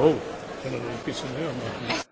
Oh, können wir ein bisschen höher machen.